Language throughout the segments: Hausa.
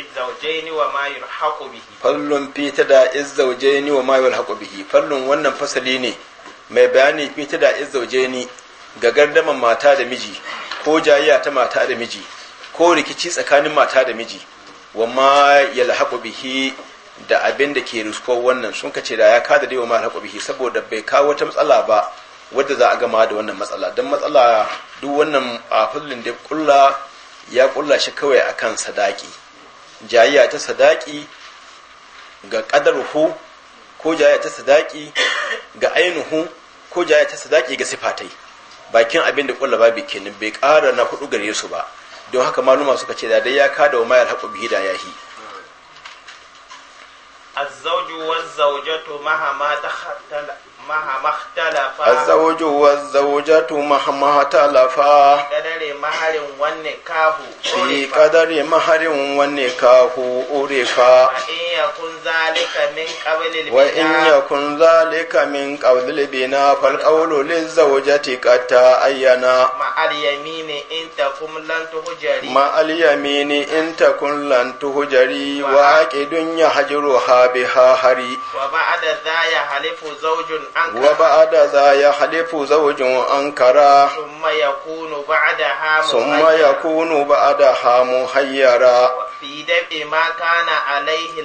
izzaujeni wa ma yulhaqu bihi fallun fi tada wa ma yulhaqu bihi fallun wannan fasali ne mai bayani fi tada ni, ga gardaman mata da miji ko jayayya ta mata da miji ko rikici tsakanin mata da miji wa ma yulhaqu bihi da abin da ke rusko wannan sun kace da ya kada dai wa ma yulhaqu bihi saboda bai kawo wata matsala ba wadda za a gama da wannan matsala don matsala duk wannan a fallin da kulla ya kulla shi kawai akan sadaki jayayya ta sadaki ga ƙadarhu ko jayayya ta sadaki ga ainihu ko jayayya ta sadaki ga sifatai bakin abin da kula babu kenan bai ƙara na hudu gare su ba don haka maluma suka ce da ya kada wa mayar haƙo bihi da yahi waz-zawjatu mahama ta مهما اختلفا الزوج والزوجة مهما اختلفا قدر مهر والنكاح في قدر مهر والنكاح أورفا فإن yakun zalika min qablil wa in yakun zalika min qablil bina fal qawlu lizawjati qad ayyana ma al yamini in takum lan tuhjari ma al yamini in takum lan tuhjari wa aqidun yahjuru ha biha hari wa ba'da za yahlifu zawjun ankara wa ba'da za yahlifu zawjun ankara thumma yakunu ba'daha thumma yakunu ba'daha muhayyara fi dab'i ma kana alaihi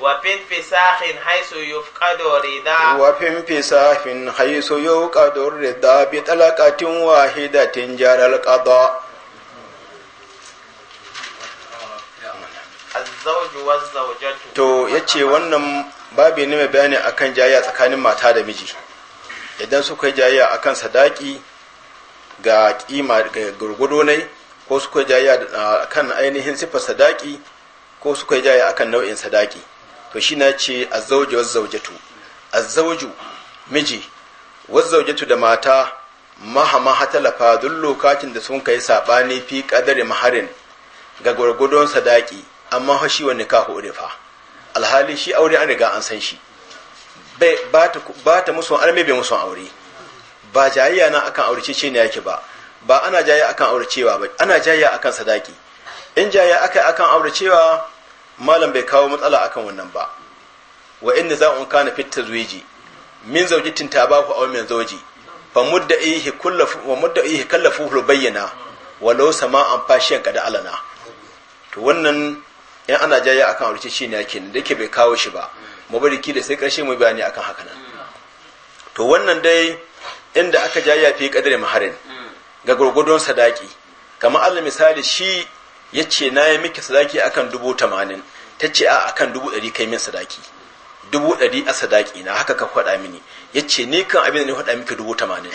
وفي انفساخ حيث يفقد الرضا وفي انفساخ حيث يفقد الرضا بطلقة واحدة جرى القضاء الزوج والزوجة تو يتشي ونم بابي نمي mai أكن جاية أكن ما mata da miji idan suka yi jayayya akan sadaki ga kima ga gurgudo ne ko suka yi jayayya kan ainihin siffar sadaki ko suka yi jayayya akan nau'in sadaki to shi na ce zaujetu. A zauju miji wasu zaujetu da mata mahama talafa duk lokacin da sun kai saɓani, fi kadari maharin ga gwargwadon sadaki amma shi wa nikahu fa. alhali shi aure an riga an san shi ba ta musu arme bai musu aure ba jayayya na akan aure ce ne yake ba ba ana jayayya akan aure cewa ba ana jayayya akan sadaki in jayayya aka akan aure cewa malam bai kawo matsala akan wannan ba wa inda za un kana fit tazwiji min zawjatin baku aw min zawji fa mudda'ihi kullafu wa mudda'ihi kallafu bayyana walau an fashiyan kada alana to wannan in ana jaya akan aure shi ne yake da yake bai kawo shi ba mu bari ki da sai karshe mu bayani akan haka nan to wannan dai inda aka jaya fi kadare maharin ga gurgudon sadaki kamar Allah misali shi ya ce na yi miki sadaki akan dubu tamanin ta ce a akan dubu ɗari kai min sadaki dubu ɗari a sadaki na haka ka faɗa mini ya ce ni kan abin da ni faɗa miki dubu tamanin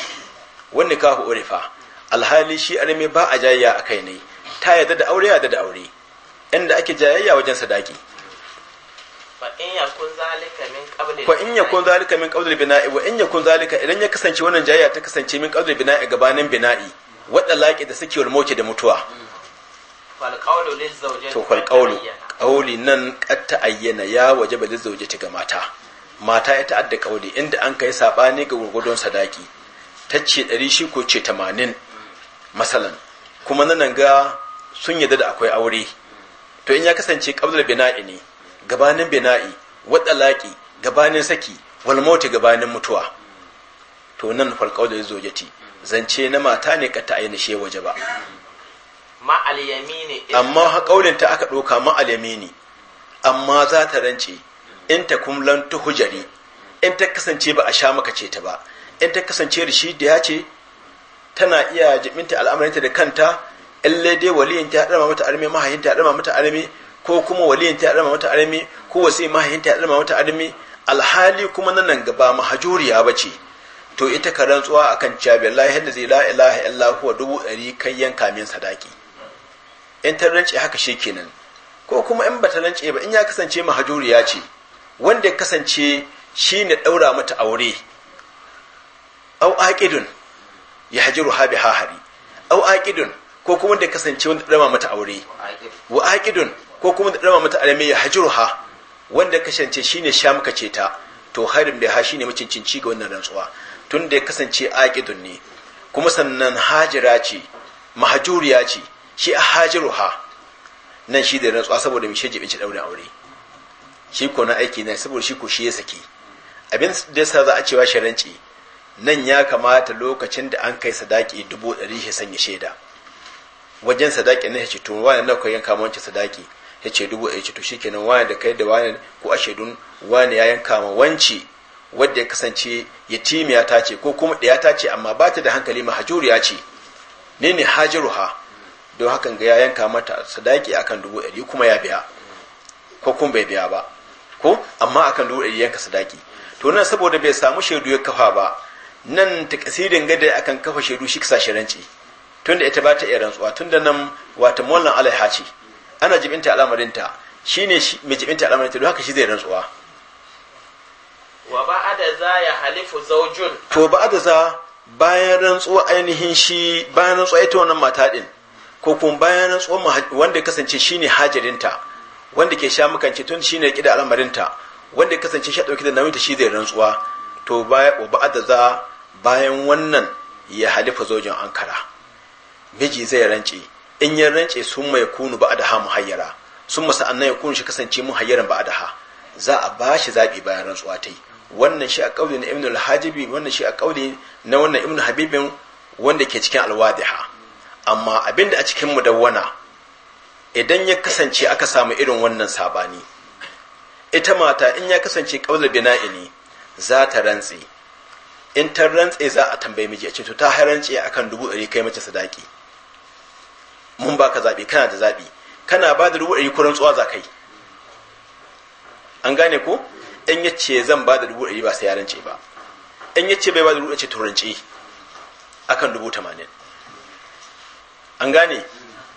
wani ka ku urifa alhali shi arme ba a jayayya a kai ne ta yadda da aure yadda da aure inda ake jayayya wajen sadaki fa in yakun zalika min qabl bina'i wa in yakun zalika idan ya kasance wannan jayayya ta kasance min qabl bina'i gabanin bina'i wadda laƙi da sakewar moce da mutuwa to fal kaulu kauli nan katta ayyana ya wajaba lizawjati ga mata mata ya ta'adda kauli inda an kai sabani ga gurgudon sadaki Ta ce 100 ko ce 80 masalan kuma nan ga sun yadda da akwai aure to in ya kasance qabla bina'i ne gabanin bina'i wadalaki gabanin saki wal mauti gabanin mutuwa to nan fal qawlu lizawjati zance na mata ne katta ayyana shi ba. amma kaulin ta aka doka ma ne amma za ta rance in ta kumlan ta hujari in ta kasance ba a sha maka ce ta ba in ta kasance rishi da ya ce tana iya jibinta al'amarinta da kanta in dai waliyin ta dama mata armi mahayin ta dama mata armi ko kuma waliyin ta dama mata armi ko wasi mahayin ta dama mata armi alhali kuma nan gaba mahajuriya ba ce to ita ka rantsuwa akan cewa billahi zai la ilaha illa huwa dubu ɗari kai yanka min sadaki in ta rance haka shi kenan ko kuma in bata rance ba in ya kasance mahajuriya ce wanda ya kasance shi ne ɗaura mata aure au aƙidun ya hajiru ha bi hahari au aƙidun ko kuma da kasance wanda ɗama mata aure wa aƙidun ko kuma da ɗama mata alamai ya hajiru ha wanda kasance shi ne sha muka ce ta to harin bai ha shi ne macincinci ga wannan rantsuwa tun da ya kasance aƙidun ne kuma sannan hajira ce mahajuriya ce shi a ha nan shi da rantsuwa saboda mai shejibin shi ɗaunin aure shi ko na aiki na saboda shi ko shi ya saki abin da sa za a cewa sharanci nan ya kamata lokacin da an kai sadaki dubu ɗari shi sanya shaida wajen sadaki na ce to wani na koyan kama wancan sadaki ya ce dubu ɗari to shi kenan wani da kai da wani ko a shaidun wani ya yanka ma wanci wadda ya kasance yatimiya ta ce ko kuma ɗaya ta ce amma ba ta da hankali mahajuriya ce ne ne ha don hakan ga ya yanka mata sadaki akan dubu ɗari kuma ya biya ko kun bai biya ba ko amma akan dubu ɗari yanka sadaki to nan saboda bai samu shaidu ya kafa ba nan ta kasirin gada akan kafa shaidu shi kasa shiranci tunda ita ba ta iya rantsuwa tunda nan wata Allah ya ce ana jibinta al'amarinta shine mai jibinta al'amarinta don haka shi zai rantsuwa wa ba'ada za ya halifu zaujun to ba'ada za bayan rantsuwa ainihin shi bayan rantsuwa ita wannan mata din ko kuma bayan rantsuwar wanda ya kasance shine hajarinta wanda ke sha makance tun shine kida da al'amarinta wanda ya kasance shi dauki da nauyinta shi zai rantsuwa to baya wa ba'da za bayan wannan ya halifa zojin ankara miji zai rance in ya rance sun mai kunu ba'da ha muhayyara sun masa annan ya kunu shi kasance muhayyaran ba'da ha za a bashi zabi bayan rantsuwa ta yi wannan shi a kauli na ibn al-hajibi wannan shi a kauli na wannan ibn habibin wanda ke cikin alwadiha amma abinda a cikin mudawwana idan ya kasance aka samu irin wannan sabani ita mata in ya kasance kaula bina'ini za ta rantse in ta rantse za a tambayi miji a ce to ta harance akan dubu ɗari kai mace sadaki mun baka zaɓi kana da zaɓi kana ba da dubu ɗari ko tsuwa za kai an gane ko in ya ce zan ba da dubu ɗari ba sai ya rance ba in ya ce bai ba da dubu ɗari ce to rance akan dubu tamanin an gane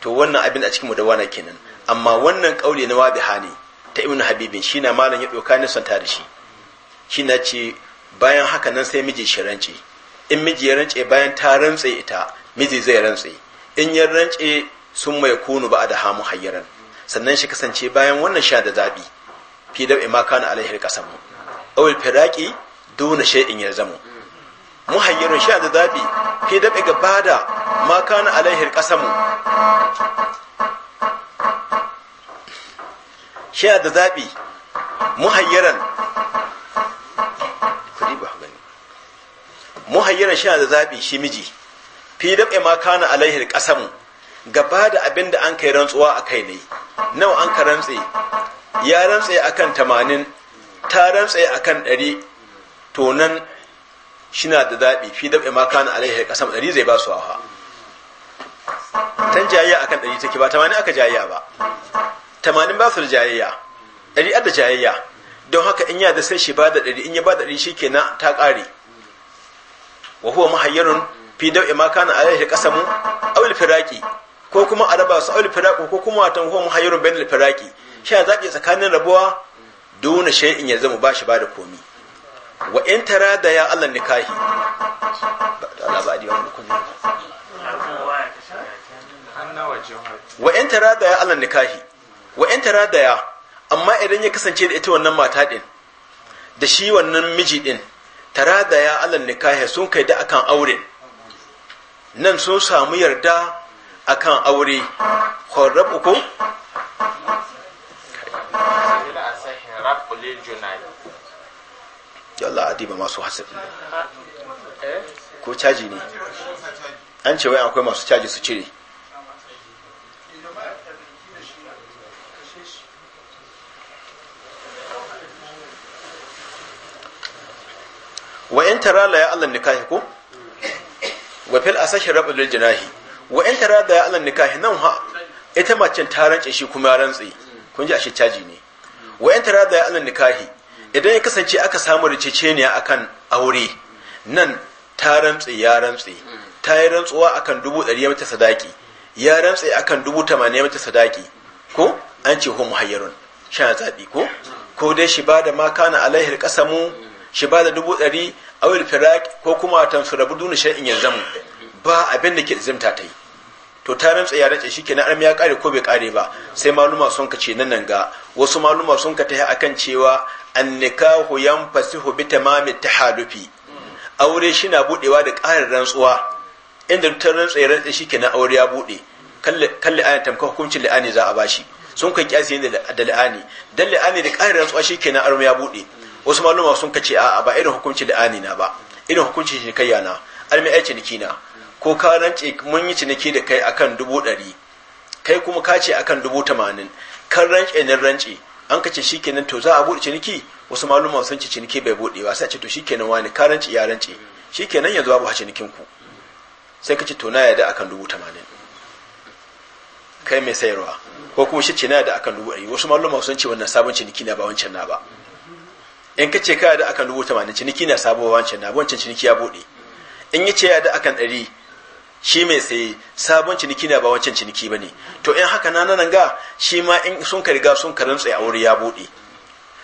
to wannan abin a cikin mudawana kenan amma wannan kauli na wabiha ne ta ibnu habibin shi na malam ya doka ne santa da shi shi na ce bayan haka nan sai miji shi rance in miji ya rance bayan ta rantse ita miji zai rantse in ya rance sun mai kunu ba da hamu hayyaran sannan shi kasance bayan wannan sha da zabi fi da ma kana alaihir qasamu awil firaqi duna shay'in yarzamu muhayyirun shi da zaɓi fi daɓe ga bada ma kana alaihir ƙasamu shi da zaɓi muhayyiran kuɗi ba muhayyiran shi da zaɓi shi miji fi daɓe ma kana alaihir ƙasamu gaba da abin da an kai rantsuwa a kai ne nawa an ka rantse ya rantse akan tamanin ta rantse akan ɗari to nan shina da zaɓi fi dab'e ma kana alaihi kasam ɗari zai ba su hawa tan jayayya akan ɗari take ba tamanin aka jayayya ba tamanin ba su da jayayya ɗari adda jayayya don haka in ya da sai shi ba da ɗari in ya ba da ɗari shi kenan ta ƙare wa huwa muhayyarun fi dab'e ma kana alaihi kasamu awil firaki ko kuma a raba su awil firaki ko kuma watan huwa muhayyarun bainal firaki shi ya zaɓi tsakanin rabuwa duna shay'in ya zama ba shi ba da komi wa in tara da ya Allah nikahi Allah ba adiwa mu kun wa in tara da ya Allah nikahi wa in tara da ya amma idan ya kasance da ita wannan mata din da shi wannan miji din tara da ya Allah nikahi sun kai da akan aure nan sun samu yarda akan aure horabu ko Yalla Allah diba masu hasafi ko caji ne an ce wai akwai masu caji su cire wa in tara la ya Allah nikahi ko wa fil asashi rabb lil jinahi wa in tara da ya Allah nikahi nan ha ita macen ta rance shi kuma rantsi kun ji a shi caji ne wa in tara da ya Allah nikahi idan ya kasance aka samu riciceniya akan aure nan ta rantsi ya rantsi ta yi rantsuwa akan dubu ɗari ya mata sadaki ya rantsi akan dubu tamanin ya mata sadaki ko an ce homo hayyarun shan zaɓi ko ko dai shi ba da maka na alaihir ƙasamu shi ba da dubu ɗari awil firak ko kuma tamsu rabu shan shari'in zamu ba abin da ke zimta ta yi to ta rantsi ya shi shikenan armi ya kare ko bai kare ba sai maluma sun kace nan nan ga wasu maluma sun ka tahi akan cewa huyan, fasihu, bi tamami tahalufi aure shi na budewa da ƙarin rantsuwa inda ta rantsa ya rantsa shike na aure ya bude kalli ayan tamka hukuncin la'ani za a bashi sun kai kiyasi da la'ani dan la'ani da ƙarin rantsuwa shike na aure ya bude wasu maluma sun ka ce a'a ba irin hukuncin la'ani na ba irin hukuncin shikayya na almi ai ciniki na ko ka rantse mun yi ciniki da kai akan dubu ɗari kai kuma ka ce akan dubu tamanin kan rance nan rance an kace shikenan to za a bude ciniki wasu malumma sun ce ciniki bai bude ba sai ce to shikenan wani ka rance ya rance shikenan yanzu babu cinikin ku sai kace to na yadda akan dubu tamanin kai mai sayarwa ko kuma shi ce na yadda akan dubu ɗari wasu malumma sun ce wannan sabon ciniki na ba wancan na ba in kace ka yadda akan dubu tamanin ciniki na sabo wancan na ba wancan ciniki ya bude in ya ce yadda akan ɗari shi mai saye sabon ciniki ne ba wancan ciniki ba ne to in haka na nan ga shi ma in sun ka riga sun ka rantsa ya aure ya bude.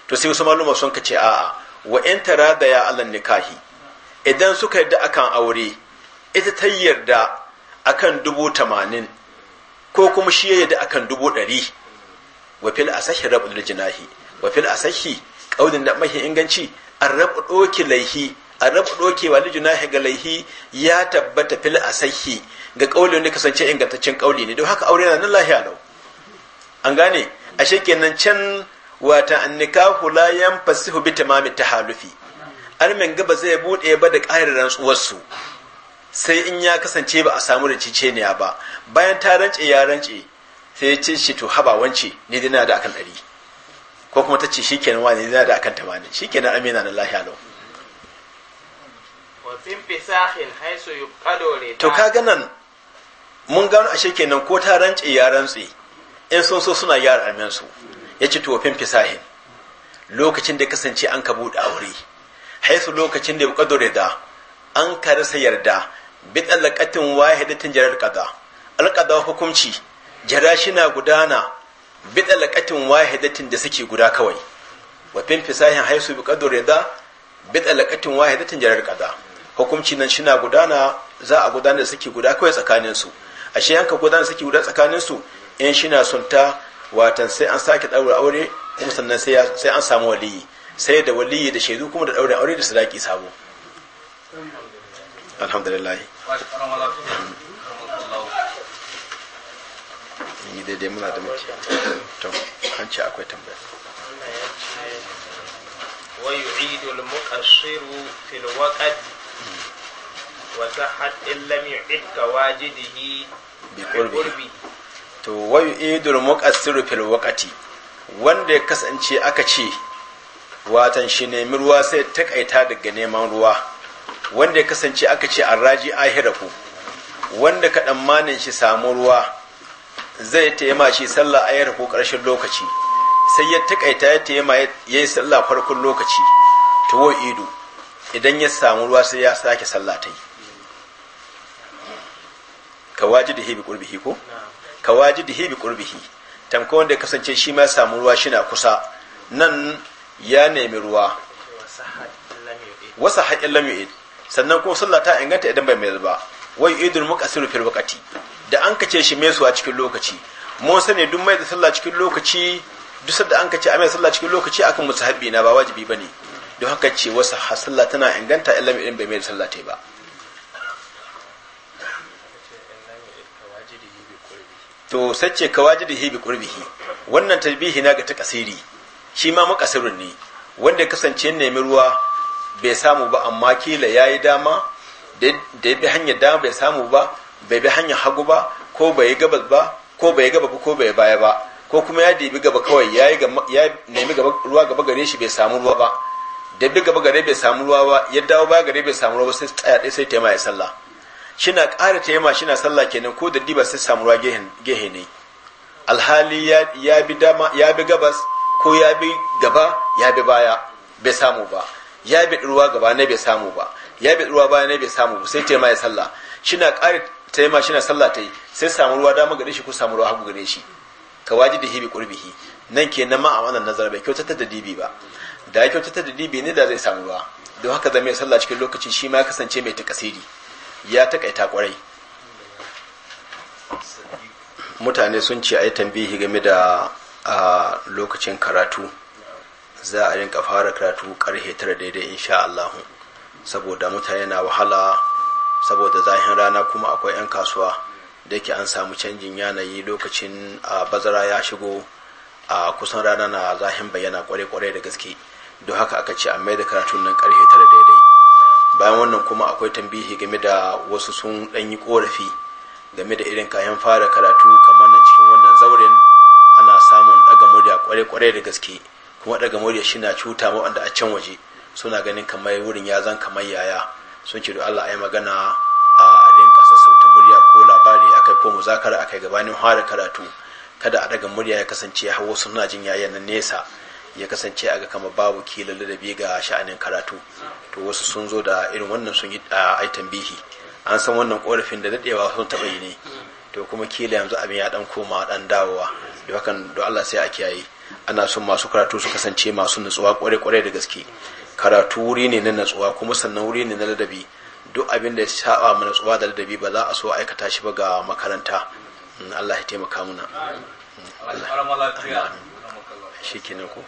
to sai wasu maluma sun ka ce a'a wa in tara da ya alan nikahi idan suka yarda akan aure ita ta yarda akan dubu tamanin ko kuma shi ya yarda akan dubu ɗari wa fil asahi rabul jinahi wa fil asahi kaulin da mahi inganci an rabu ɗoki laihi arrafu dokewa li junahi ga laihi ya tabbata fil asahi ga kauli wanda kasance ingantaccen kauli ne don haka aure na nan lahiya lau an gane ashe kenan can wata annikahu la yanfasihu bi tamami tahalufi armen gaba zai bude ba da ƙarin rantsuwar su sai in ya kasance ba a samu da ciceniya ba bayan ta rance ya rance sai ya ce shi to haba wance ne dina da akan ɗari ko kuma ta ce shi kenan wani dina da akan tamanin shikenan amina na lahiya lau to kaga nan mun gano ashe kenan ko ta rance ya rantsi. in sun so suna yara amin su yace to fin fisahin lokacin da kasance an ka bude aure haisu lokacin da yuqadore da an ka rasa yarda bi talaqatin wahidatin jarar qada alqada hukumci, jara shina gudana bi talaqatin wahidatin da suke guda kawai wa fin fisahin haisu bi qadore da bi talaqatin wahidatin jarar qada hukumci nan shina gudana za a gudanar da saki guda kawai tsakanin su ashe yanka gudanar da saki guda tsakanin su in shina sunta watan sai an sake daura aure kuma sannan sai an samu waliyi sai da waliyi da shaidu kuma da daura aure da sadaki sabo alhamdulillah ni daidai muna da muke to an ce akwai tambaya ويعيد المقصر في الوقت wa sahhat in lam yu'id da to wa idul muqassiru fil wanda ya kasance aka ce watan shi nemi ruwa sai takaita daga neman ruwa wanda ya kasance aka ce arraji ahiraku wanda ka tsammanin shi samu ruwa zai taima shi sallah yarku karshen lokaci sai ya takaita ya taima ya sallah farkon lokaci to wa idu idan ya samu ruwa sai ya sake sallah ta yi ka waji da hebi kurbihi ko ka waji da hebi kurbihi tamka wanda ya kasance shi ma samu ruwa shi na kusa nan ya nemi ruwa wasa haƙin id sannan kuma sallah ta inganta idan bai mai ba wai idul siru fil wakati da an kace shi mai suwa cikin lokaci mun sani duk mai da sallah cikin lokaci duk da an kace a mai sallah cikin lokaci akan musahabi na ba wajibi bane don haka ce wasu sallah tana inganta ilimi in bai mai da ta ba to sace ka da bi kurbihi wannan tarbihi na ga ta kasiri shi ma makasirin ne wanda kasance nemi ruwa bai samu ba amma kila ya yi dama da ya bi hanyar dama bai samu ba bai bi hanyar hagu ba ko bai yi gabas ba ko bai yi gaba ko bai yi baya ba ko kuma ya dibi gaba kawai ya nemi ruwa gaba gare shi bai samu ruwa ba da duk gaba gare bai samu ruwa ba ya dawo ba gare bai samu ruwa sai tsaya dai sai ya sallah shina ƙara shi shina sallah kenan ko da diba sai samu ruwa gehe ne alhali ya bi dama ya bi gabas ko ya bi gaba ya bi baya bai samu ba ya bi ruwa gaba ne bai samu ba ya bi ruwa baya ne bai samu ba sai ya sallah shina ƙara taimaya shina sallah ta yi sai samu ruwa dama gare shi ko samu ruwa hagu gare shi ka waji da hibi kurbihi nan kenan ma a wannan nazarar bai kyautata da dibi ba da ya kyautata da dibi ne da zai samu ba? don haka zama ya sallah cikin lokaci shi ma kasance mai takasiri ya takaita kwarai mutane sun ce a yi tambihi game da a lokacin karatu za a rinka fara karatu karhe tara daidai insha Allah saboda mutane na wahala saboda zahin rana kuma akwai 'yan kasuwa da yake an samu canjin yanayi lokacin a bazara ya shigo a kusan rana na zahin bayyana kwarai-kwarai da gaske don haka aka ce amma da karatun nan karfe tara daidai bayan wannan kuma akwai tambihi game da wasu sun dan yi korafi game da irin kayan fara karatu kamar nan cikin wannan zauren ana samun daga murya kwarai-kwarai da gaske kuma daga murya shi na cuta ma wanda a can waje suna ganin kamar wurin ya zan kamar yaya sun ce Allah ai magana a rinka sassauta murya ko labari akai ko muzakara akai gabanin fara karatu kada a daga murya ya kasance ya hawo suna jin yayan nan nesa ya kasance a ga kama babu kila ladabi ga sha'anin karatu to wasu sun zo da irin wannan sun yi a tambihi an san wannan korafin da daɗewa sun taɓa yi ne to kuma kila yanzu abin ya ɗan koma dan dawowa da hakan do Allah sai a kiyaye ana son masu karatu su kasance masu nutsuwa kware kware da gaske karatu wuri ne na nutsuwa kuma sannan wuri ne na ladabi duk abin da ya saba mu nutsuwa da ladabi ba za a so aikata shi ba ga makaranta Allah ya taimaka muna shi kenan ko